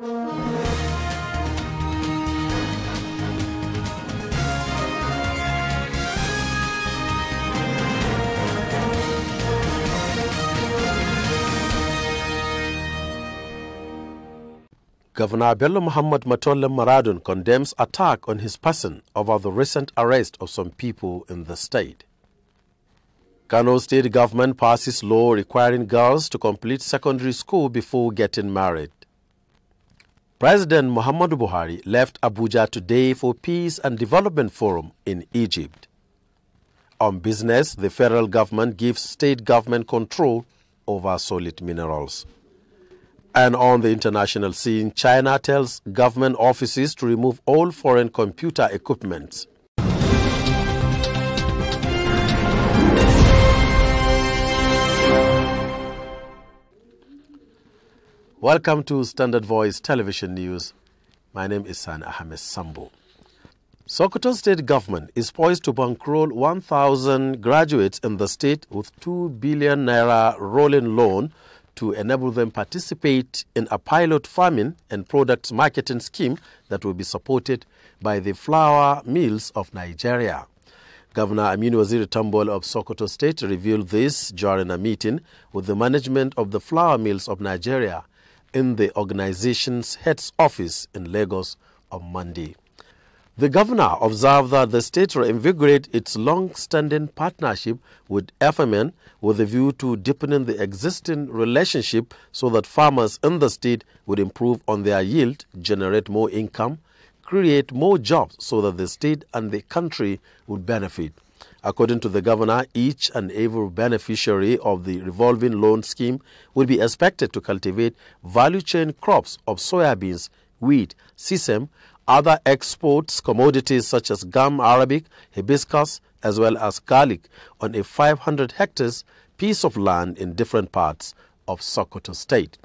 Governor Bello Muhammad Matole Maradun condemns attack on his person over the recent arrest of some people in the state. Kano state government passes law requiring girls to complete secondary school before getting married. President Muhammadu Buhari left Abuja today for Peace and Development Forum in Egypt. On business, the federal government gives state government control over solid minerals. And on the international scene, China tells government offices to remove all foreign computer equipment Welcome to Standard Voice Television News. My name is San Ahmed Sambo. Sokoto state government is poised to bankroll 1,000 graduates in the state with 2 billion naira rolling loan to enable them participate in a pilot farming and product marketing scheme that will be supported by the flour mills of Nigeria. Governor Aminu Waziri Tambol of Sokoto State revealed this during a meeting with the management of the flour mills of Nigeria in the organization's head office in Lagos on Monday. The governor observed that the state reinvigorate its long-standing partnership with FMN with a view to deepening the existing relationship so that farmers in the state would improve on their yield, generate more income, create more jobs so that the state and the country would benefit. According to the governor, each and every beneficiary of the revolving loan scheme will be expected to cultivate value chain crops of soybeans, wheat, sesame, other exports commodities such as gum arabic, hibiscus, as well as garlic on a 500 hectares piece of land in different parts of Sokoto state.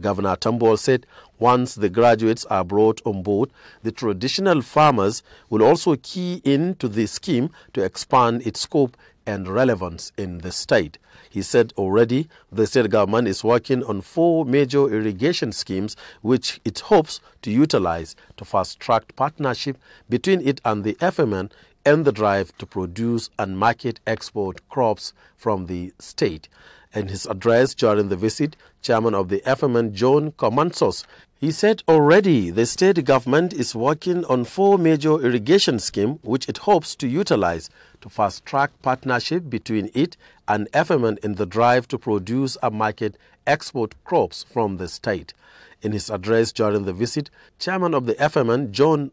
Governor Tambol said once the graduates are brought on board, the traditional farmers will also key in to the scheme to expand its scope and relevance in the state. He said already the state government is working on four major irrigation schemes which it hopes to utilize to fast track partnership between it and the FMN and the drive to produce and market export crops from the state. In his address during the visit, chairman of the FMN John Comansos, he said already the state government is working on four major irrigation schemes which it hopes to utilize to fast track partnership between it and FMN in the drive to produce and market export crops from the state. In his address during the visit, chairman of the FMN John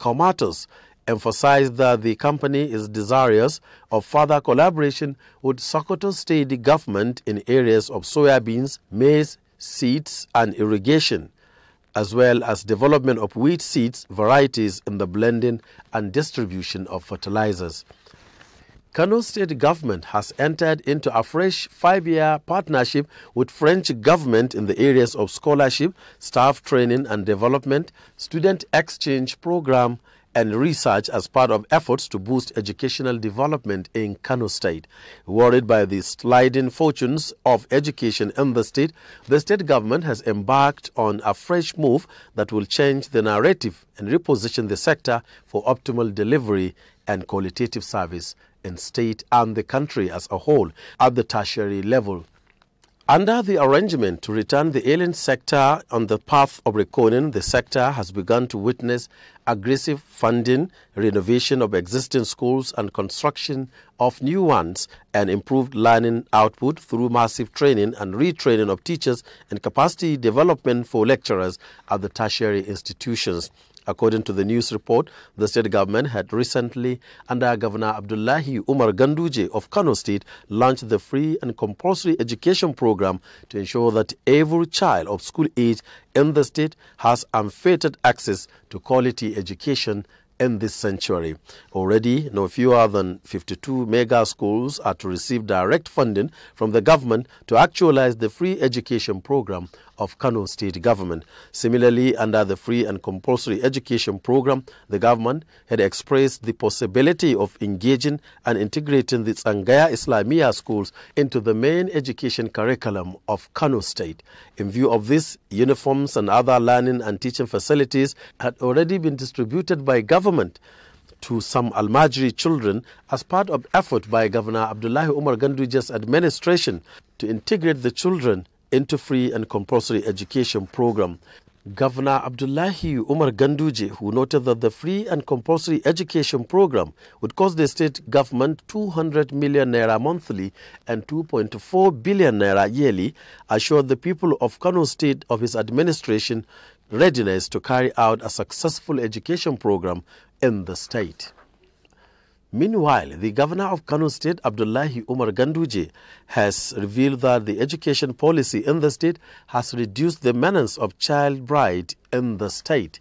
Comatos emphasized that the company is desirous of further collaboration with Sokoto state government in areas of soybeans, maize, seeds, and irrigation, as well as development of wheat seeds varieties in the blending and distribution of fertilizers. Kano state government has entered into a fresh five-year partnership with French government in the areas of scholarship, staff training and development, student exchange program, and research as part of efforts to boost educational development in Kano State. Worried by the sliding fortunes of education in the state, the state government has embarked on a fresh move that will change the narrative and reposition the sector for optimal delivery and qualitative service in state and the country as a whole at the tertiary level. Under the arrangement to return the alien sector on the path of reconing, the sector has begun to witness aggressive funding, renovation of existing schools and construction of new ones, and improved learning output through massive training and retraining of teachers and capacity development for lecturers at the tertiary institutions. According to the news report, the state government had recently, under Governor Abdullahi Umar Ganduje of Kano State, launched the free and compulsory education program to ensure that every child of school age in the state has unfettered access to quality education in this century. Already, no fewer than 52 mega schools are to receive direct funding from the government to actualize the free education program of Kano state government. Similarly, under the free and compulsory education program, the government had expressed the possibility of engaging and integrating the Tsangaya Islamia schools into the main education curriculum of Kano state. In view of this, uniforms and other learning and teaching facilities had already been distributed by government to some Almajiri children as part of effort by Governor Abdullahi Umar Ganduja's administration to integrate the children into free and compulsory education program. Governor Abdullahi Umar Ganduje, who noted that the free and compulsory education program would cost the state government 200 million naira monthly and 2.4 billion naira yearly, assured the people of Kano State of his administration readiness to carry out a successful education program in the state. Meanwhile, the governor of Kano State, Abdullahi Umar Ganduje, has revealed that the education policy in the state has reduced the menace of child bride in the state.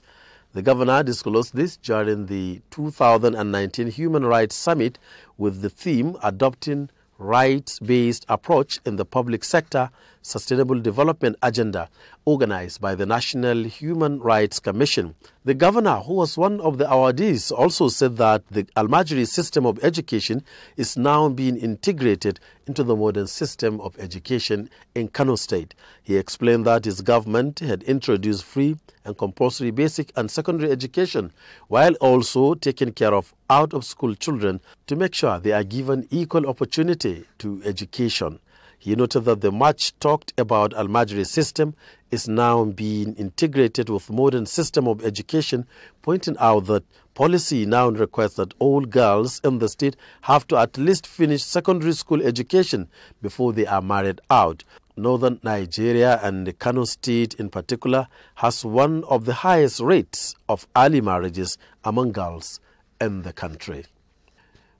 The governor disclosed this during the 2019 Human Rights Summit with the theme Adopting Rights Based Approach in the Public Sector Sustainable Development Agenda organized by the National Human Rights Commission. The governor, who was one of the awardees, also said that the Almajiri system of education is now being integrated into the modern system of education in Kano State. He explained that his government had introduced free and compulsory basic and secondary education while also taking care of out of school children to make sure they are given equal opportunity to education. He noted that the much talked about Almajiri system is now being integrated with modern system of education, pointing out that policy now requires that all girls in the state have to at least finish secondary school education before they are married out. Northern Nigeria and Kano State in particular has one of the highest rates of early marriages among girls in the country.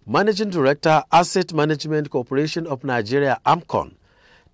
Managing Director, Asset Management Corporation of Nigeria, AMCON,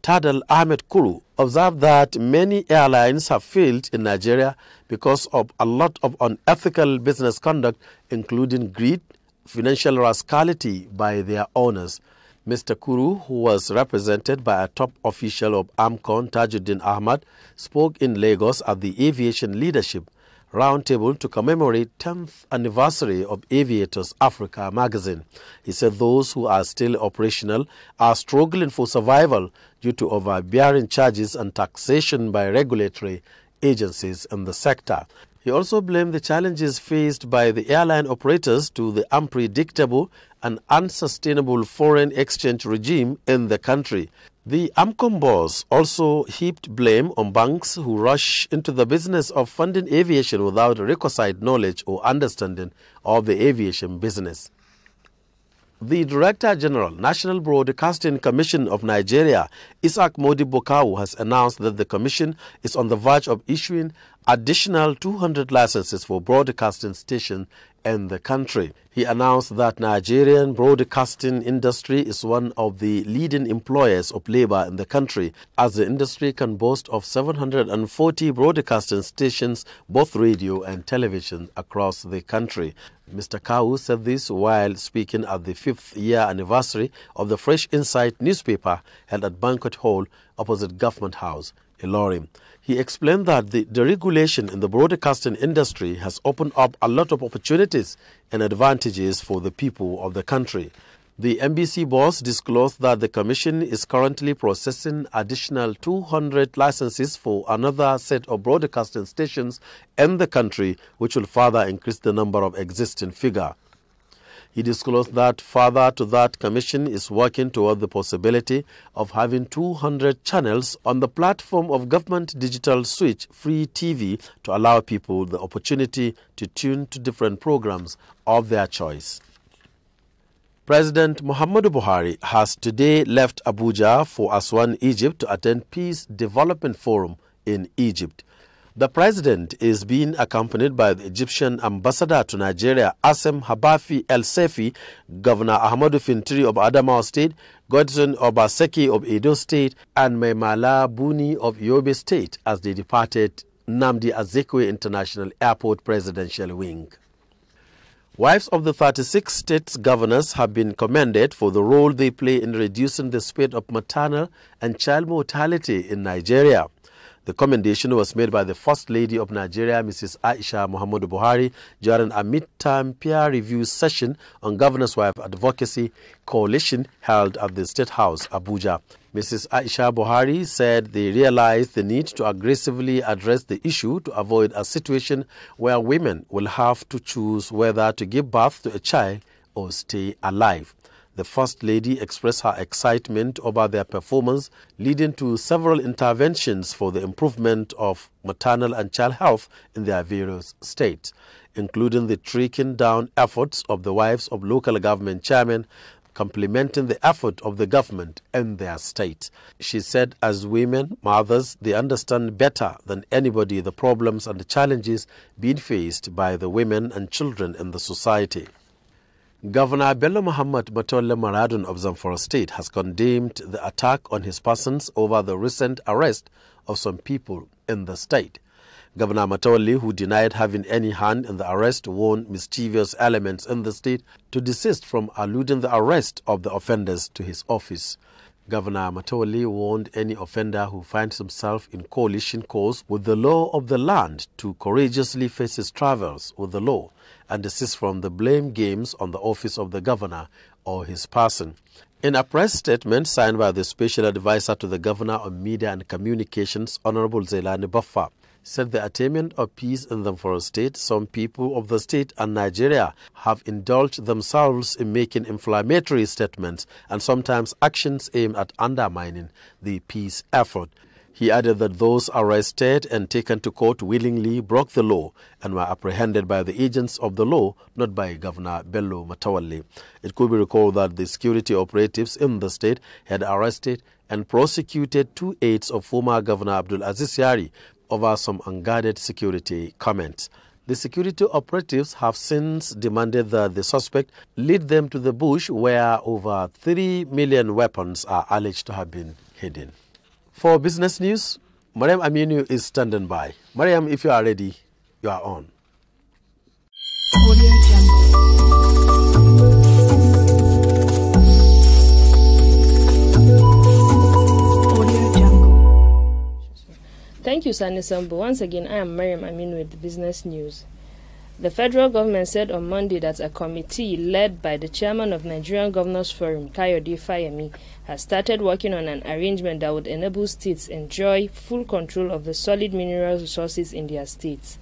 Tadal Ahmed Kuru, observed that many airlines have failed in Nigeria because of a lot of unethical business conduct, including greed, financial rascality by their owners. Mr. Kuru, who was represented by a top official of AMCON, Tajuddin Ahmad, spoke in Lagos at the Aviation Leadership roundtable to commemorate 10th anniversary of Aviators Africa magazine. He said those who are still operational are struggling for survival due to overbearing charges and taxation by regulatory agencies in the sector. He also blamed the challenges faced by the airline operators to the unpredictable and unsustainable foreign exchange regime in the country. The AMCOM boss also heaped blame on banks who rush into the business of funding aviation without requisite knowledge or understanding of the aviation business. The Director General, National Broadcasting Commission of Nigeria, Isaac Modi Bokau, has announced that the Commission is on the verge of issuing additional 200 licenses for broadcasting stations and the country. He announced that Nigerian broadcasting industry is one of the leading employers of labor in the country, as the industry can boast of 740 broadcasting stations, both radio and television, across the country. Mr. Kau said this while speaking at the fifth year anniversary of the Fresh Insight newspaper held at Banquet Hall opposite Government House, Ilorim. He explained that the deregulation in the broadcasting industry has opened up a lot of opportunities and advantages for the people of the country. The NBC boss disclosed that the commission is currently processing additional 200 licenses for another set of broadcasting stations in the country, which will further increase the number of existing figure. He disclosed that further to that commission is working toward the possibility of having 200 channels on the platform of government digital switch free TV to allow people the opportunity to tune to different programs of their choice. President Muhammadu Buhari has today left Abuja for Aswan, Egypt to attend Peace Development Forum in Egypt. The president is being accompanied by the Egyptian ambassador to Nigeria, Assem Habafi El Sefi, Governor Ahmadu Fintiri of Adamawa State, Godson Obaseki of Edo State, and Maimala Buni of Yobe State as they departed Namdi Azekwe International Airport Presidential Wing. Wives of the 36 states' governors have been commended for the role they play in reducing the spread of maternal and child mortality in Nigeria. The commendation was made by the First Lady of Nigeria, Mrs. Aisha Muhammadu Buhari, during a midterm peer review session on Governor's Wife Advocacy Coalition held at the State House, Abuja. Mrs. Aisha Buhari said they realized the need to aggressively address the issue to avoid a situation where women will have to choose whether to give birth to a child or stay alive. The First Lady expressed her excitement over their performance, leading to several interventions for the improvement of maternal and child health in their various states, including the tracking down efforts of the wives of local government chairmen, complementing the effort of the government and their state. She said, as women, mothers, they understand better than anybody the problems and the challenges being faced by the women and children in the society. Governor Bello Muhammad Batole Maradun of Zamfara State has condemned the attack on his persons over the recent arrest of some people in the state. Governor Matoli, who denied having any hand in the arrest, warned mischievous elements in the state to desist from alluding the arrest of the offenders to his office. Governor Matoli warned any offender who finds himself in coalition cause with the law of the land to courageously face his travels with the law and desist from the blame games on the office of the governor or his person. In a press statement signed by the Special Advisor to the Governor on Media and Communications, Honorable Zelani Buffa said the attainment of peace in the forest state, some people of the state and Nigeria have indulged themselves in making inflammatory statements and sometimes actions aimed at undermining the peace effort. He added that those arrested and taken to court willingly broke the law and were apprehended by the agents of the law, not by Governor Bello Matawalle. It could be recalled that the security operatives in the state had arrested and prosecuted two aides of former Governor Abdul Aziz Yari over some unguarded security comments. The security operatives have since demanded that the suspect lead them to the bush where over 3 million weapons are alleged to have been hidden. For business news, Mariam Aminu is standing by. Mariam, if you are ready, you are on. Thank you, Sani Sambo. Once again, I am Miriam Amin with Business News. The federal government said on Monday that a committee led by the chairman of Nigerian Governors Forum, Kayode Fayemi, has started working on an arrangement that would enable states enjoy full control of the solid mineral resources in their states.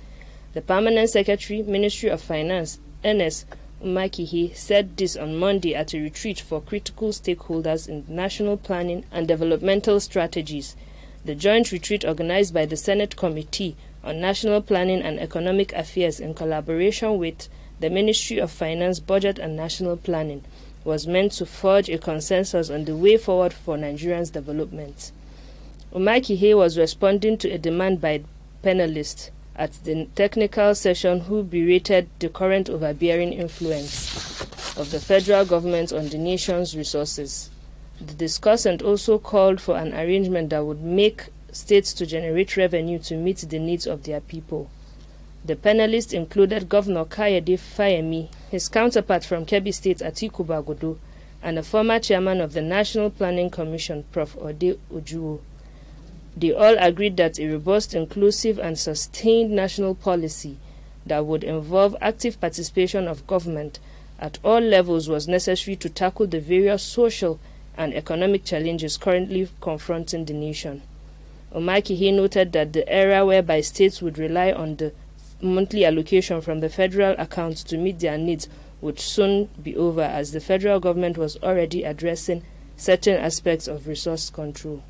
The permanent secretary, Ministry of Finance, Ernest Umakihi, said this on Monday at a retreat for critical stakeholders in national planning and developmental strategies – the joint retreat organized by the Senate Committee on National Planning and Economic Affairs in collaboration with the Ministry of Finance, Budget and National Planning was meant to forge a consensus on the way forward for Nigeria's development. Umakihe was responding to a demand by panelists at the technical session who berated the current overbearing influence of the federal government on the nation's resources. The discussant also called for an arrangement that would make states to generate revenue to meet the needs of their people. The panelists included Governor Kayede Fayemi, his counterpart from Kebbi State Atiku Bagodo, and the former chairman of the National Planning Commission, Prof. Ode Ojuo. They all agreed that a robust, inclusive, and sustained national policy that would involve active participation of government at all levels was necessary to tackle the various social and economic challenges currently confronting the nation. Omakihi noted that the era whereby states would rely on the monthly allocation from the federal accounts to meet their needs would soon be over as the federal government was already addressing certain aspects of resource control.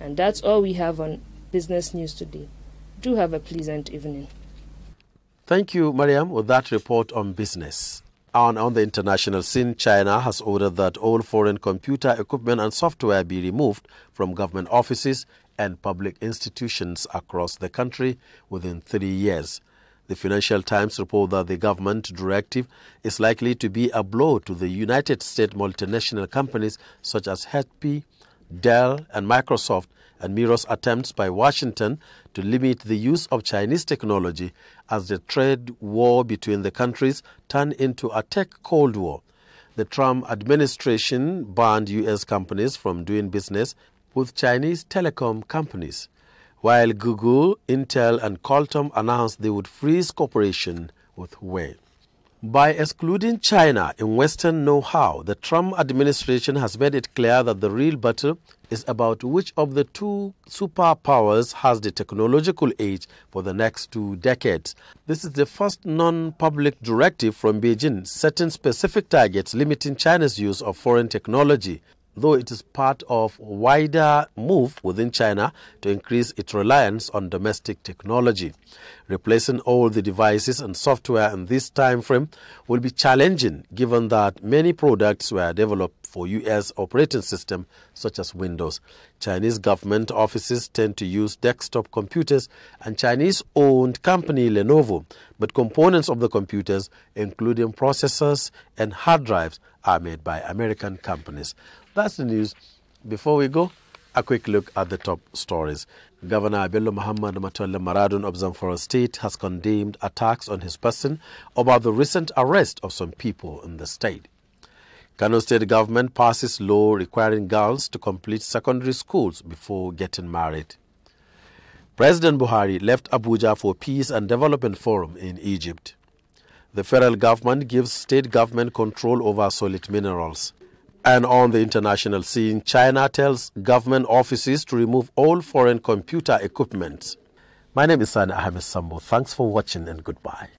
And that's all we have on business news today. Do have a pleasant evening. Thank you, Mariam, for that report on business on, on the international scene, China has ordered that all foreign computer equipment and software be removed from government offices and public institutions across the country within three years. The Financial Times report that the government directive is likely to be a blow to the United States multinational companies such as HP, Dell, and Microsoft, and mirrors attempts by Washington to limit the use of Chinese technology as the trade war between the countries turned into a tech Cold War. The Trump administration banned U.S. companies from doing business with Chinese telecom companies, while Google, Intel, and Qualcomm announced they would freeze cooperation with Huawei. By excluding China in Western know how, the Trump administration has made it clear that the real battle is about which of the two superpowers has the technological edge for the next two decades. This is the first non-public directive from Beijing setting specific targets limiting China's use of foreign technology, though it is part of a wider move within China to increase its reliance on domestic technology. Replacing all the devices and software in this time frame will be challenging given that many products were developed for US operating system such as Windows. Chinese government offices tend to use desktop computers and Chinese-owned company Lenovo, but components of the computers, including processors and hard drives, are made by American companies. That's the news. Before we go, a quick look at the top stories. Governor Abello Muhammad Matola Maradun of Zamfara State has condemned attacks on his person about the recent arrest of some people in the state. Kano State government passes law requiring girls to complete secondary schools before getting married. President Buhari left Abuja for Peace and Development Forum in Egypt. The federal government gives state government control over solid minerals. And on the international scene, China tells government offices to remove all foreign computer equipment. My name is Sana Ahmed Sambo. Thanks for watching and goodbye.